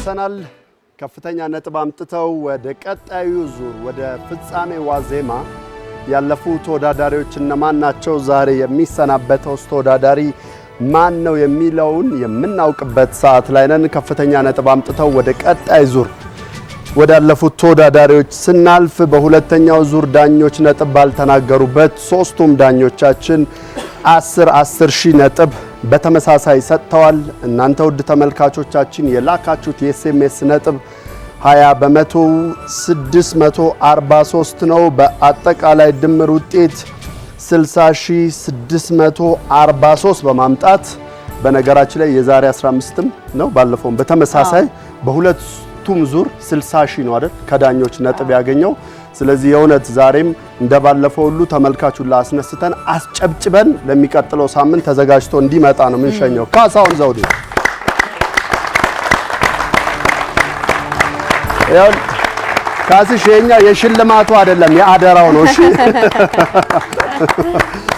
ደርሰናል። ከፍተኛ ነጥብ አምጥተው ወደ ቀጣዩ ዙር ወደ ፍጻሜ ዋዜማ ያለፉ ተወዳዳሪዎች እነማን ናቸው፣ ዛሬ የሚሰናበተውስ ተወዳዳሪ ማን ነው የሚለውን የምናውቅበት ሰዓት ላይ ነን። ከፍተኛ ነጥብ አምጥተው ወደ ቀጣይ ዙር ወዳለፉት ተወዳዳሪዎች ስናልፍ በሁለተኛው ዙር ዳኞች ነጥብ ባልተናገሩበት ሶስቱም ዳኞቻችን አስር አስር ሺህ ነጥብ በተመሳሳይ ሰጥተዋል። እናንተ ውድ ተመልካቾቻችን የላካችሁት የኤስኤምኤስ ነጥብ 20 በመቶ 643 ነው። በአጠቃላይ ድምር ውጤት 60643 በማምጣት በነገራችን ላይ የዛሬ 15ም ነው ባለፈውም በተመሳሳይ በሁለቱም ዙር 60 ሺህ ነው አይደል ከዳኞች ነጥብ ያገኘው ስለዚህ የእውነት ዛሬም እንደባለፈው ሁሉ ተመልካቹን ላስነስተን አስጨብጭበን ለሚቀጥለው ሳምንት ተዘጋጅቶ እንዲመጣ ነው የምንሸኘው። ካሳሁን ዘውዴ ካስሽ፣ የኛ የሽልማቱ አይደለም የአደራው ነው። እሺ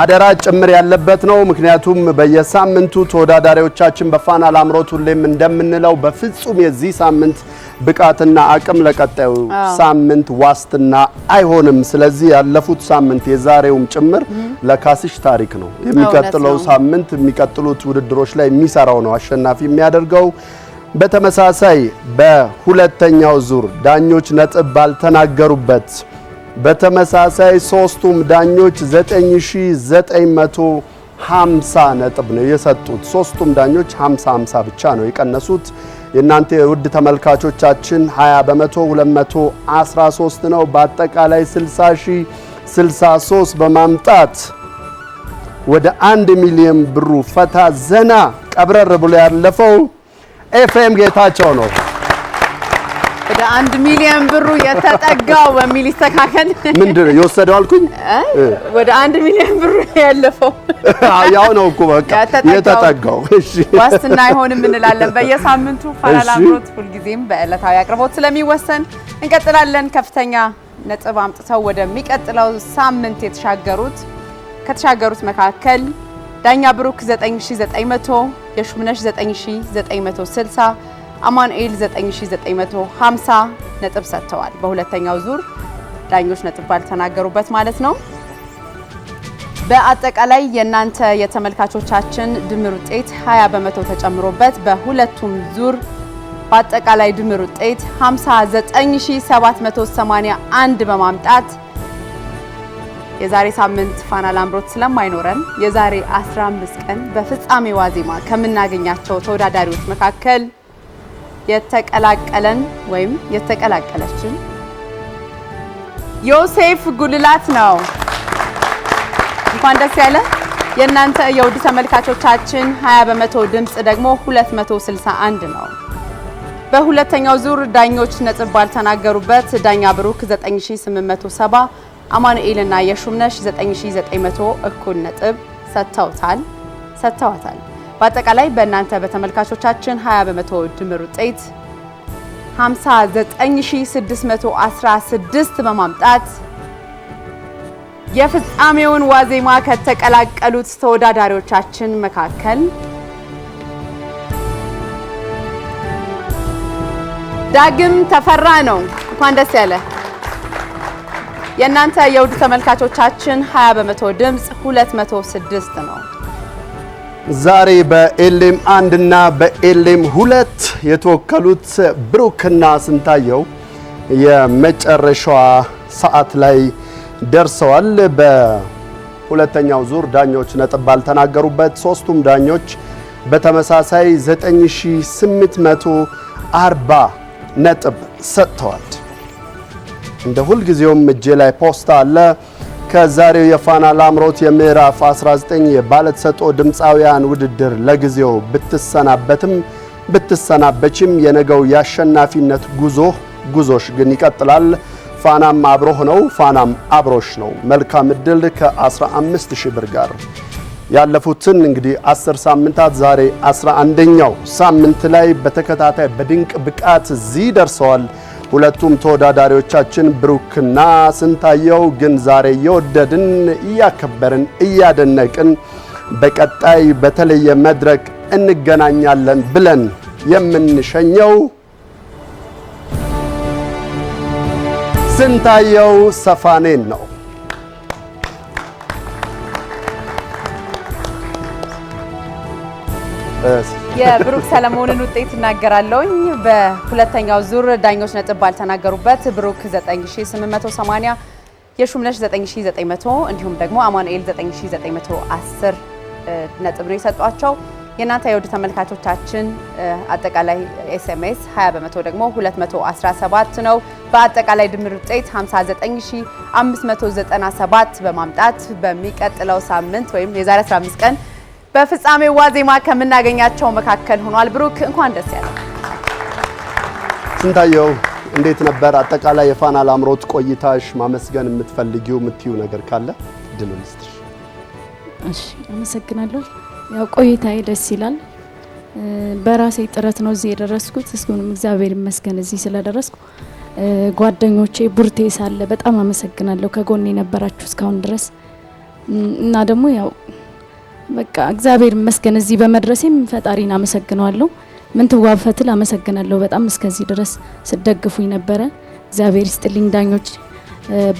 አደራ ጭምር ያለበት ነው። ምክንያቱም በየሳምንቱ ተወዳዳሪዎቻችን በፋና ላምሮት ሁሌም እንደምንለው በፍጹም የዚህ ሳምንት ብቃትና አቅም ለቀጣዩ ሳምንት ዋስትና አይሆንም። ስለዚህ ያለፉት ሳምንት የዛሬውም ጭምር ለካስሽ ታሪክ ነው። የሚቀጥለው ሳምንት የሚቀጥሉት ውድድሮች ላይ የሚሰራው ነው አሸናፊ የሚያደርገው። በተመሳሳይ በሁለተኛው ዙር ዳኞች ነጥብ ባልተናገሩበት በተመሳሳይ ሶስቱም ዳኞች 9950 ነጥብ ነው የሰጡት። ሶስቱም ዳኞች 50 50 ብቻ ነው የቀነሱት። የእናንተ የውድ ተመልካቾቻችን 20 በመቶ 213 ነው። በአጠቃላይ 63 በማምጣት ወደ አንድ ሚሊዮን ብሩ ፈታ ዘና ቀብረር ብሎ ያለፈው ኤፍሬም ጌታቸው ነው። ወደ አንድ ሚሊዮን ብሩ የተጠጋው በሚል ይስተካከል። ምንድን ነው የወሰደው አልኩኝ? ወደ አንድ ሚሊዮን ብሩ ያለፈው ያው ነው እኮ በቃ የተጠጋው። እሺ ዋስትና አይሆንም እንላለን። በየሳምንቱ ፋና ላምሮት ሁልጊዜም በዕለታዊ አቅርቦት ስለሚወሰን እንቀጥላለን። ከፍተኛ ነጥብ አምጥተው ወደሚቀጥለው ሳምንት የተሻገሩት ከተሻገሩት መካከል ዳኛ ብሩክ 9900፣ የሹምነሽ 9960 አማኑኤል 9950 ነጥብ ሰጥተዋል። በሁለተኛው ዙር ዳኞች ነጥብ ባልተናገሩበት ማለት ነው። በአጠቃላይ የእናንተ የተመልካቾቻችን ድምር ውጤት 20 በመቶ ተጨምሮበት በሁለቱም ዙር በአጠቃላይ ድምር ውጤት 59781 በማምጣት የዛሬ ሳምንት ፋና ላምሮት ስለማይኖረን የዛሬ 15 ቀን በፍጻሜ ዋዜማ ከምናገኛቸው ተወዳዳሪዎች መካከል የተቀላቀለን ወይም የተቀላቀለችን ዮሴፍ ጉልላት ነው። እንኳን ደስ ያለ የእናንተ የውድ ተመልካቾቻችን 20 በመቶ ድምፅ ደግሞ 261 ነው። በሁለተኛው ዙር ዳኞች ነጥብ ባልተናገሩበት ዳኛ ብሩክ 9870 አማኑኤልና የሹምነሽ 9900 እኩል ነጥብ ሰጥተውታል ሰጥተዋታል። በአጠቃላይ በእናንተ በተመልካቾቻችን 20 በመቶ ድምር ውጤት 59616 በማምጣት የፍጻሜውን ዋዜማ ከተቀላቀሉት ተወዳዳሪዎቻችን መካከል ዳግም ተፈራ ነው። እንኳን ደስ ያለ። የእናንተ የውድ ተመልካቾቻችን 20 በመቶ ድምፅ 206 ነው። ዛሬ በኤሌም አንድ እና በኤሌም ሁለት የተወከሉት ብሩክና ስንታየው የመጨረሻዋ ሰዓት ላይ ደርሰዋል። በሁለተኛው ዙር ዳኞች ነጥብ ባልተናገሩበት ሶስቱም ዳኞች በተመሳሳይ 9840 ነጥብ ሰጥተዋል። እንደ ሁልጊዜውም እጄ ላይ ፖስታ አለ። ከዛሬው የፋና ላምሮት የምዕራፍ 19 የባለተሰጥኦ ድምፃውያን ውድድር ለጊዜው ብትሰናበትም ብትሰናበችም የነገው የአሸናፊነት ጉዞ ጉዞሽ ግን ይቀጥላል። ፋናም አብሮህ ነው፣ ፋናም አብሮሽ ነው። መልካም እድል ከ15000 ብር ጋር ያለፉትን እንግዲህ 10 ሳምንታት ዛሬ 11ኛው ሳምንት ላይ በተከታታይ በድንቅ ብቃት እዚህ ደርሰዋል። ሁለቱም ተወዳዳሪዎቻችን ብሩክና ስንታየው ግን ዛሬ እየወደድን እያከበርን እያደነቅን በቀጣይ በተለየ መድረክ እንገናኛለን ብለን የምንሸኘው ስንታየው ሰፋኔን ነው። እሺ የብሩክ ሰለሞንን ውጤት እናገራለሁኝ። በሁለተኛው ዙር ዳኞች ነጥብ ባልተናገሩበት ብሩክ 9880፣ የሹምነሽ 9900 እንዲሁም ደግሞ አማኑኤል 9910 ነጥብ ነው የሰጧቸው። የእናንተ የውድ ተመልካቾቻችን አጠቃላይ ኤስኤምኤስ 20 በመቶ ደግሞ 217 ነው። በአጠቃላይ ድምር ውጤት 59597 በማምጣት በሚቀጥለው ሳምንት ወይም የዛሬ 15 ቀን በፍጻሜው ዋዜማ ከምናገኛቸው መካከል ሆኗል። ብሩክ እንኳን ደስ ያለ። ስንታየው እንዴት ነበር አጠቃላይ የፋና ላምሮት ቆይታሽ? ማመስገን የምትፈልጊው የምትዩ ነገር ካለ ድሉ ልስጥሽ። እሺ፣ አመሰግናለሁ። ያው ቆይታዬ ደስ ይላል። በራሴ ጥረት ነው እዚህ የደረስኩት። እስኪሁንም እግዚአብሔር ይመስገን እዚህ ስለደረስኩ ጓደኞቼ ቡርቴ ሳለ በጣም አመሰግናለሁ፣ ከጎን የነበራችሁ እስካሁን ድረስ እና ደግሞ ያው በቃ እግዚአብሔር ይመስገን እዚህ በመድረሴም ፈጣሪን አመሰግነዋለሁ። ምንትዋብ ፈትል አመሰግናለሁ በጣም እስከዚህ ድረስ ስደግፉኝ ነበረ። እግዚአብሔር ይስጥልኝ ዳኞች፣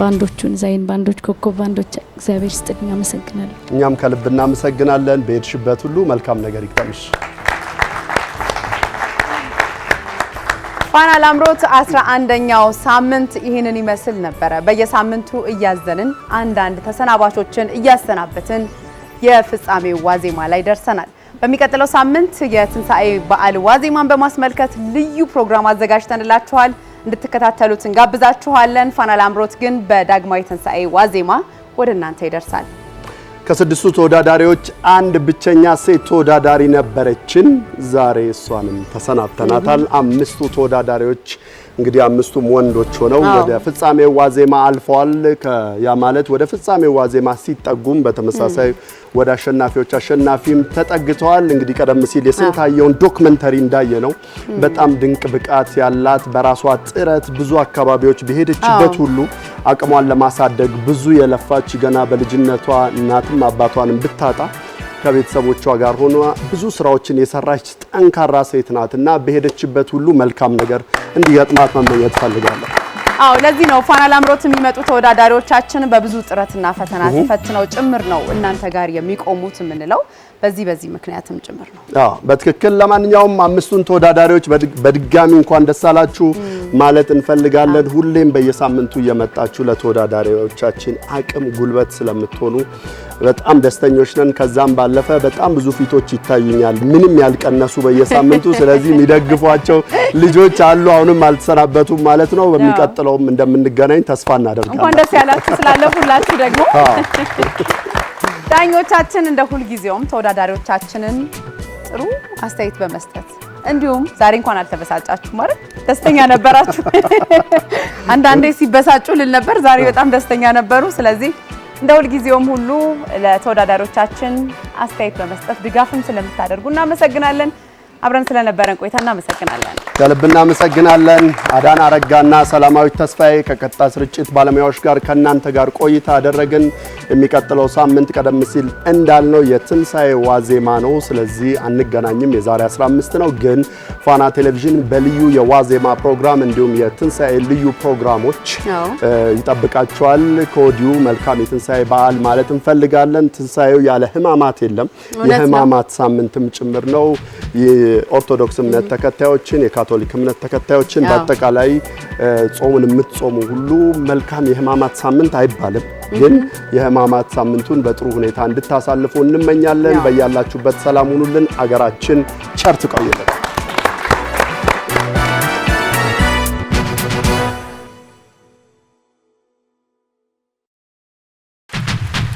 ባንዶቹን ዛይን ባንዶች፣ ኮከብ ባንዶች እግዚአብሔር ይስጥልኝ፣ አመሰግናለሁ። እኛም ከልብ እናመሰግናለን። በሄድሽበት ሁሉ መልካም ነገር ይግጠምሽ። ፋና ላምሮት አስራ አንደኛው ሳምንት ይህንን ይመስል ነበረ። በየሳምንቱ እያዘንን አንዳንድ ተሰናባቾችን እያሰናበትን የፍጻሜ ዋዜማ ላይ ደርሰናል። በሚቀጥለው ሳምንት የትንሣኤ በዓል ዋዜማን በማስመልከት ልዩ ፕሮግራም አዘጋጅተንላችኋል። እንድትከታተሉት እንጋብዛችኋለን። ፋና ላምሮት ግን በዳግማዊ ትንሣኤ ዋዜማ ወደ እናንተ ይደርሳል። ከስድስቱ ተወዳዳሪዎች አንድ ብቸኛ ሴት ተወዳዳሪ ነበረችን። ዛሬ እሷንም ተሰናብተናታል። አምስቱ ተወዳዳሪዎች እንግዲህ አምስቱም ወንዶች ሆነው ወደ ፍጻሜው ዋዜማ አልፈዋል። ያ ማለት ወደ ፍጻሜው ዋዜማ ሲጠጉም በተመሳሳይ ወደ አሸናፊዎች አሸናፊም ተጠግተዋል። እንግዲህ ቀደም ሲል የስንታየውን ዶክመንተሪ እንዳየ ነው በጣም ድንቅ ብቃት ያላት በራሷ ጥረት ብዙ አካባቢዎች በሄደችበት ሁሉ አቅሟን ለማሳደግ ብዙ የለፋች ገና በልጅነቷ እናትም አባቷንም ብታጣ ከቤተሰቦቿ ጋር ሆኗ ብዙ ስራዎችን የሰራች ጠንካራ ሴት ናት እና በሄደችበት ሁሉ መልካም ነገር እንዲገጥማት መመኘት እፈልጋለሁ። አዎ ለዚህ ነው ፋና ላምሮት የሚመጡ ተወዳዳሪዎቻችን በብዙ ጥረትና ፈተና ተፈትነው ጭምር ነው እናንተ ጋር የሚቆሙት የምንለው በዚህ በዚህ ምክንያትም ጭምር ነው። አዎ በትክክል ለማንኛውም አምስቱን ተወዳዳሪዎች በድጋሚ እንኳን ደስ አላችሁ ማለት እንፈልጋለን። ሁሌም በየሳምንቱ እየመጣችሁ ለተወዳዳሪዎቻችን አቅም ጉልበት ስለምትሆኑ በጣም ደስተኞች ነን። ከዛም ባለፈ በጣም ብዙ ፊቶች ይታዩኛል፣ ምንም ያልቀነሱ በየሳምንቱ። ስለዚህ የሚደግፏቸው ልጆች አሉ፣ አሁንም አልተሰናበቱም ማለት ነው። በሚቀጥለውም እንደምንገናኝ ተስፋ እናደርጋለን። እንኳን ደስ ያላችሁ ስላለ ሁላችሁ ደግሞ ዳኞቻችን እንደ ሁልጊዜውም ተወዳዳሪዎቻችንን ጥሩ አስተያየት በመስጠት እንዲሁም ዛሬ እንኳን አልተበሳጫችሁ ማለት ደስተኛ ነበራችሁ። አንዳንዴ ሲበሳጩ ልል ነበር፣ ዛሬ በጣም ደስተኛ ነበሩ። ስለዚህ እንደ ሁልጊዜውም ሁሉ ለተወዳዳሪዎቻችን አስተያየት በመስጠት ድጋፍም ስለምታደርጉ እናመሰግናለን። አብረን ስለነበረን ቆይታ እናመሰግናለን። ከልብ እናመሰግናለን። አዳን አረጋና ሰላማዊት ተስፋዬ ከቀጥታ ስርጭት ባለሙያዎች ጋር ከእናንተ ጋር ቆይታ አደረግን። የሚቀጥለው ሳምንት ቀደም ሲል እንዳልነው የትንሣኤ ዋዜማ ነው። ስለዚህ አንገናኝም። የዛሬ 15 ነው። ግን ፋና ቴሌቪዥን በልዩ የዋዜማ ፕሮግራም እንዲሁም የትንሣኤ ልዩ ፕሮግራሞች ይጠብቃቸዋል። ከወዲሁ መልካም የትንሣኤ በዓል ማለት እንፈልጋለን። ትንሣኤው ያለ ህማማት የለም። የህማማት ሳምንትም ጭምር ነው። የኦርቶዶክስ እምነት ተከታዮችን፣ የካቶሊክ እምነት ተከታዮችን በአጠቃላይ ጾሙን የምትጾሙ ሁሉ መልካም የህማማት ሳምንት አይባልም፣ ግን የህማማት ሳምንቱን በጥሩ ሁኔታ እንድታሳልፉ እንመኛለን። በያላችሁበት ሰላም ሁኑልን። አገራችን ቸር ትቆይልን።